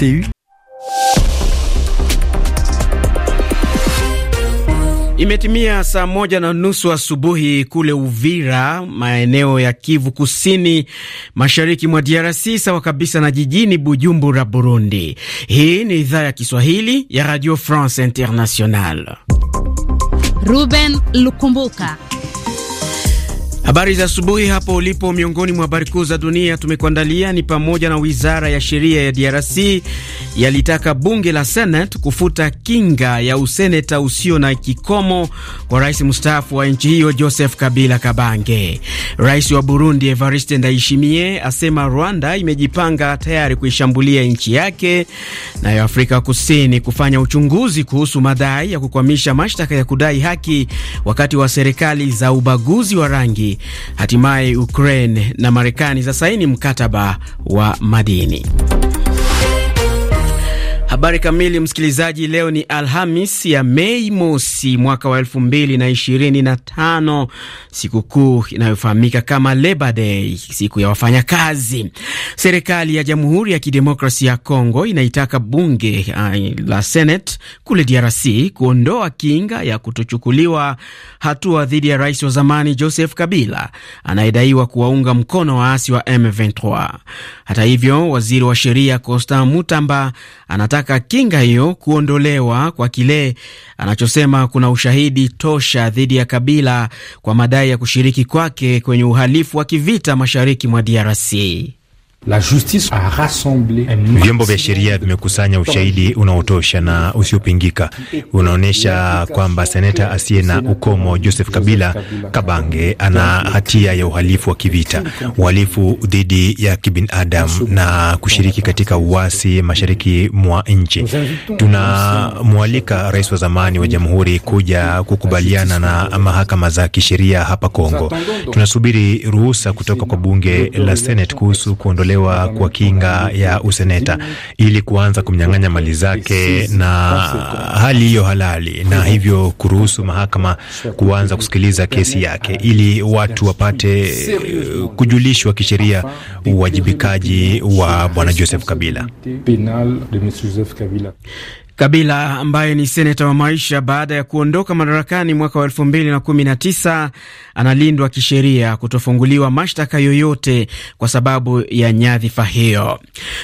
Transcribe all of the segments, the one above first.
RTU. Imetimia saa moja na nusu asubuhi kule Uvira, maeneo ya Kivu Kusini, mashariki mwa DRC, sawa kabisa na jijini Bujumbura, Burundi. Hii ni idhaa ya Kiswahili ya Radio France International. Ruben Lukumbuka Habari za asubuhi hapo ulipo. Miongoni mwa habari kuu za dunia tumekuandalia ni pamoja na wizara ya sheria ya DRC yalitaka bunge la Senate kufuta kinga ya useneta usio na kikomo kwa rais mstaafu wa nchi hiyo Joseph Kabila Kabange. Rais wa Burundi Evariste Ndayishimiye asema Rwanda imejipanga tayari kuishambulia nchi yake, nayo Afrika Kusini kufanya uchunguzi kuhusu madai ya kukwamisha mashtaka ya kudai haki wakati wa serikali za ubaguzi wa rangi hatimaye Ukraine na Marekani sasa mkataba wa madini. Habari kamili, msikilizaji. Leo ni Alhamis ya Mei mosi mwaka wa elfu mbili na ishirini na tano, sikukuu inayofahamika kama Labor Day, siku ya wafanyakazi. Serikali ya Jamhuri ya Kidemokrasia ya congo inaitaka bunge uh, la Senate kule DRC kuondoa kinga ya kutochukuliwa hatua dhidi ya rais wa zamani Joseph Kabila anayedaiwa kuwaunga mkono waasi wa M23. Hata hivyo, waziri wa sheria Costa Mutamba anataka kutaka kinga hiyo kuondolewa kwa kile anachosema kuna ushahidi tosha dhidi ya Kabila kwa madai ya kushiriki kwake kwenye uhalifu wa kivita mashariki mwa DRC. La justice a rassemble. Vyombo vya sheria vimekusanya ushahidi unaotosha na usiopingika unaonyesha kwamba seneta asiye na ukomo Joseph Kabila Kabange ana hatia ya uhalifu wa kivita, uhalifu dhidi ya kibinadamu na kushiriki katika uasi mashariki mwa nchi. Tunamwalika rais wa zamani wa jamhuri kuja kukubaliana na mahakama za kisheria hapa Kongo. Tunasubiri ruhusa kutoka kwa bunge la Senate kuhusu kuondolea kuondolewa kwa kinga ya useneta ili kuanza kumnyang'anya mali zake na hali hiyo halali, na hivyo kuruhusu mahakama kuanza kusikiliza kesi yake ili watu wapate eh, kujulishwa kisheria uwajibikaji wa Bwana Joseph Kabila. Kabila ambaye ni seneta wa maisha baada ya kuondoka madarakani mwaka wa tisa analindwa kisheria kutofunguliwa mashtaka yoyote kwa sababu ya nyadhifa hiyo.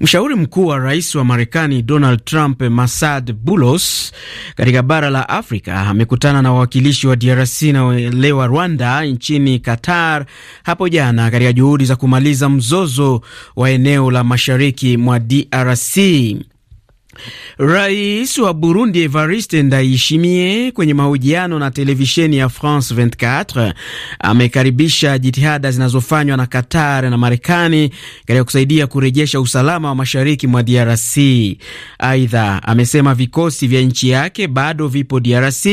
Mshauri mkuu wa rais wa Marekani Donald Trump Masad Bulos katika bara la Afrika amekutana na wawakilishi wa DRC na wale wa Rwanda nchini Qatar hapo jana katika juhudi za kumaliza mzozo wa eneo la mashariki mwa DRC. Rais wa Burundi Evariste Ndayishimiye kwenye mahojiano na televisheni ya France 24 amekaribisha jitihada zinazofanywa na Qatar na Marekani katika kusaidia kurejesha usalama wa mashariki mwa DRC. Aidha, amesema vikosi vya nchi yake bado vipo DRC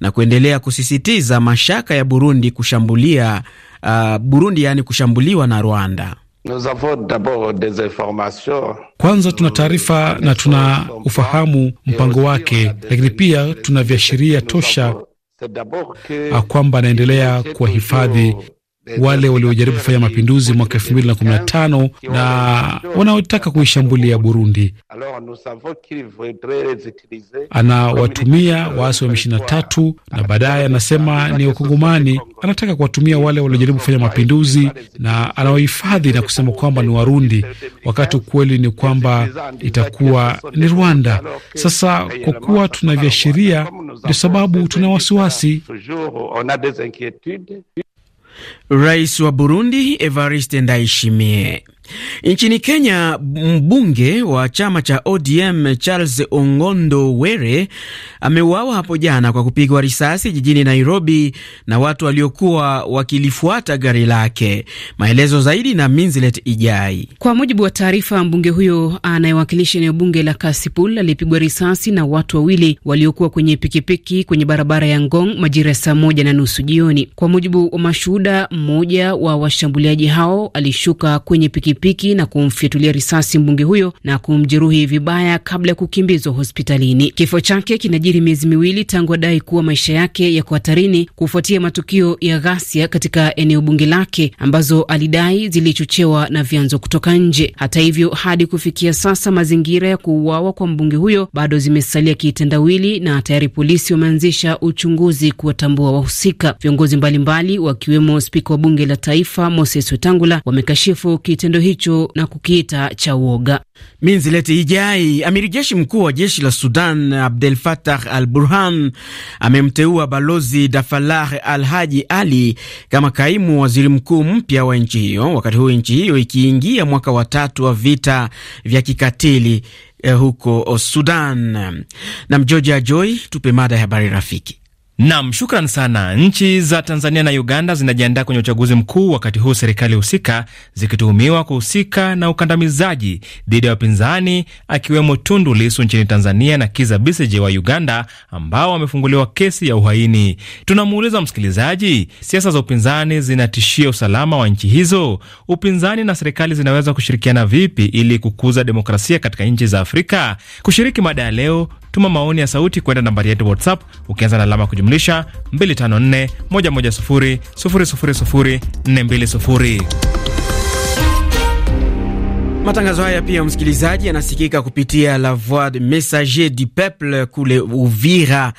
na kuendelea kusisitiza mashaka ya Burundi kushambulia uh, Burundi yani kushambuliwa na Rwanda. Kwanza tuna taarifa na tuna ufahamu mpango wake, lakini pia tuna viashiria tosha kwamba anaendelea kuwahifadhi wale waliojaribu kufanya mapinduzi mwaka elfu mbili na kumi na tano na wanaotaka kuishambulia Burundi. Anawatumia waasi wa M23 na baadaye anasema ni Wakongomani. Anataka kuwatumia wale waliojaribu kufanya mapinduzi na anawahifadhi na kusema kwamba ni Warundi, wakati ukweli ni kwamba itakuwa ni Rwanda. Sasa kwa kuwa tuna viashiria, ndio sababu tuna wasiwasi. Rais wa Burundi Evariste Ndayishimiye Nchini Kenya, mbunge wa chama cha ODM Charles Ongondo Were ameuawa hapo jana kwa kupigwa risasi jijini Nairobi na watu waliokuwa wakilifuata gari lake. Maelezo zaidi na Minzilet Ijai. Kwa mujibu wa taarifa, mbunge huyo anayewakilisha eneo bunge la Kasipul alipigwa risasi na watu wawili waliokuwa kwenye pikipiki kwenye barabara ya Ngong majira ya saa moja na nusu jioni. Kwa mujibu wa mashuhuda, mmoja wa washambuliaji hao alishuka kwenye pikipiki pikipiki na kumfyatulia risasi mbunge huyo na kumjeruhi vibaya kabla ya kukimbizwa hospitalini. Kifo chake kinajiri miezi miwili tangu adai kuwa maisha yake yako hatarini kufuatia matukio ya ghasia katika eneo bunge lake ambazo alidai zilichochewa na vyanzo kutoka nje. Hata hivyo, hadi kufikia sasa mazingira ya kuuawa kwa mbunge huyo bado zimesalia kitendawili na tayari polisi wameanzisha uchunguzi kuwatambua wahusika. Viongozi mbalimbali wakiwemo spika wa bunge la taifa Moses Wetangula wamekashifu kitendo hiki hicho na kukiita cha uoga. Minzilete Ijai. Amiri jeshi mkuu wa jeshi la Sudan Abdel Fattah al Burhan amemteua balozi Dafalah al Haji Ali kama kaimu waziri mkuu mpya wa nchi hiyo, wakati huu nchi hiyo ikiingia mwaka wa tatu wa vita vya kikatili eh, huko Sudan. Na Mjoja Joy, tupe mada ya habari rafiki. Nam, shukran sana. Nchi za Tanzania na Uganda zinajiandaa kwenye uchaguzi mkuu, wakati huu serikali husika zikituhumiwa kuhusika na ukandamizaji dhidi ya wapinzani, akiwemo Tundu Lisu nchini Tanzania na Kiza Bisije wa Uganda, ambao wamefunguliwa kesi ya uhaini. Tunamuuliza msikilizaji, siasa za upinzani zinatishia usalama wa nchi hizo? Upinzani na serikali zinaweza kushirikiana vipi ili kukuza demokrasia katika nchi za Afrika? Kushiriki mada ya leo Tuma maoni ya sauti kwenda nambari yetu WhatsApp ukianza na alama kujumlisha 254 110 000 420. Matangazo haya pia, msikilizaji, yanasikika kupitia La Voix de Messager du Peuple kule Uvira,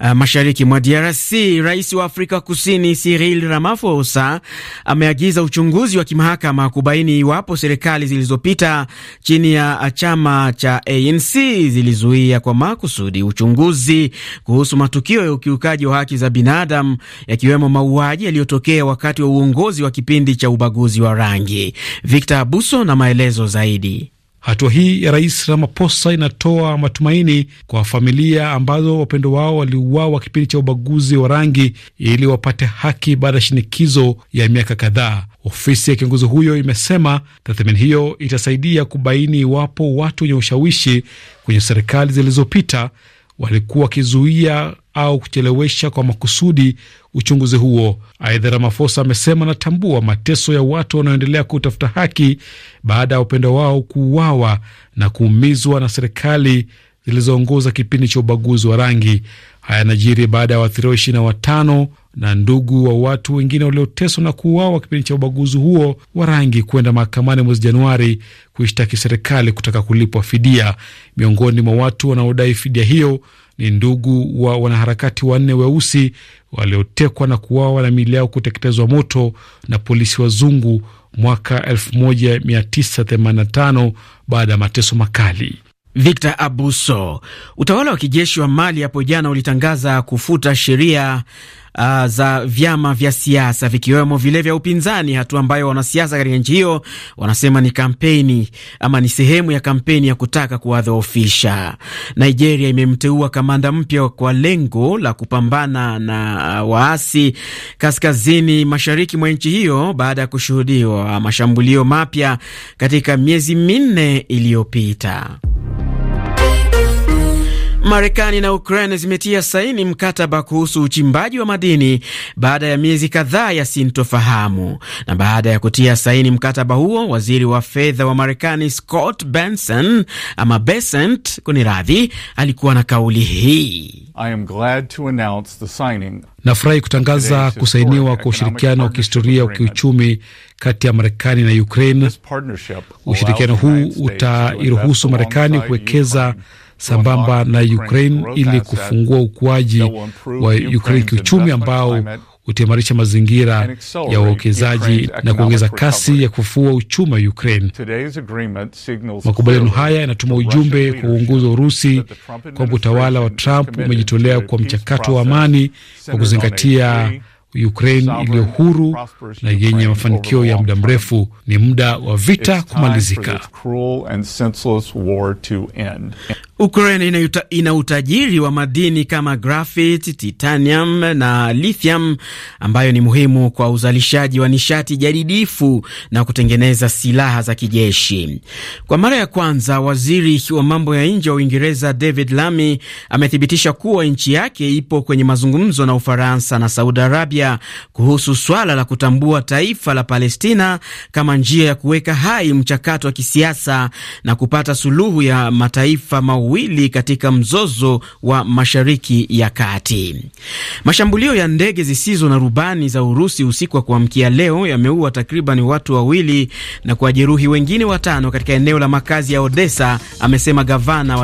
uh, mashariki mwa DRC. Rais wa Afrika Kusini Cyril Ramaphosa ameagiza uchunguzi wa kimahakama kubaini iwapo serikali zilizopita chini ya uh, chama cha ANC zilizuia kwa makusudi uchunguzi kuhusu matukio ya ukiukaji wa haki za binadamu yakiwemo mauaji yaliyotokea wakati wa uongozi wa kipindi cha ubaguzi wa rangi. Victor Abuso na maelezo zaidi. Hatua hii ya Rais Ramaphosa inatoa matumaini kwa familia ambazo wapendo wao waliuawa kipindi cha ubaguzi wa rangi ili wapate haki baada ya shinikizo ya miaka kadhaa. Ofisi ya kiongozi huyo imesema tathmini hiyo itasaidia kubaini iwapo watu wenye ushawishi kwenye serikali zilizopita walikuwa wakizuia au kuchelewesha kwa makusudi uchunguzi huo. Aidha, ramafosa amesema anatambua mateso ya watu wanaoendelea kutafuta haki baada ya upendo wao kuuawa na kuumizwa na serikali zilizoongoza kipindi cha ubaguzi wa rangi. Haya yanajiri baada ya waathiriwa ishirini na watano na ndugu wa watu wengine walioteswa na kuuawa kipindi cha ubaguzi huo wa rangi kwenda mahakamani mwezi Januari kuishtaki serikali kutaka kulipwa fidia. Miongoni mwa watu wanaodai fidia hiyo ni ndugu wa wanaharakati wanne weusi waliotekwa na kuuawa na miili yao kuteketezwa moto na polisi wazungu mwaka 1985 baada ya mateso makali. Victor Abuso. Utawala wa kijeshi wa Mali hapo jana ulitangaza kufuta sheria uh, za vyama vya siasa vikiwemo vile vya upinzani, hatua ambayo wanasiasa katika nchi hiyo wanasema ni kampeni ama ni sehemu ya kampeni ya kutaka kuwadhoofisha. Nigeria imemteua kamanda mpya kwa lengo la kupambana na uh, waasi kaskazini mashariki mwa nchi hiyo baada ya kushuhudiwa mashambulio mapya katika miezi minne iliyopita. Marekani na Ukraine zimetia saini mkataba kuhusu uchimbaji wa madini baada ya miezi kadhaa ya sintofahamu. Na baada ya kutia saini mkataba huo, waziri wa fedha wa Marekani Scott Benson ama Besent kuni radhi, alikuwa na kauli hii: nafurahi kutangaza kusainiwa kwa ushirikiano wa kihistoria wa kiuchumi kati ya Marekani na Ukraine. Ushirikiano huu utairuhusu Marekani kuwekeza sambamba na Ukraine ili kufungua ukuaji wa Ukraine kiuchumi ambao utaimarisha mazingira ya uwekezaji na kuongeza kasi ya kufufua uchumi wa Ukraine. Makubaliano haya yanatuma ujumbe kwa uongozi wa Urusi kwamba utawala wa Trump umejitolea kwa mchakato wa amani kwa kuzingatia Ukraine iliyo huru na yenye mafanikio ya muda mrefu. Ni muda wa vita kumalizika. Ukraine ina utajiri wa madini kama grafiti, titanium na lithium ambayo ni muhimu kwa uzalishaji wa nishati jadidifu na kutengeneza silaha za kijeshi. Kwa mara ya kwanza, waziri wa mambo ya nje wa Uingereza David Lammy amethibitisha kuwa nchi yake ipo kwenye mazungumzo na Ufaransa na Saudi Arabia mpya kuhusu swala la kutambua taifa la Palestina kama njia ya kuweka hai mchakato wa kisiasa na kupata suluhu ya mataifa mawili katika mzozo wa Mashariki ya Kati. Mashambulio ya ndege zisizo na rubani za Urusi usiku wa kuamkia leo yameua takriban watu wawili na kuwajeruhi wengine watano katika eneo la makazi ya Odessa, amesema gavana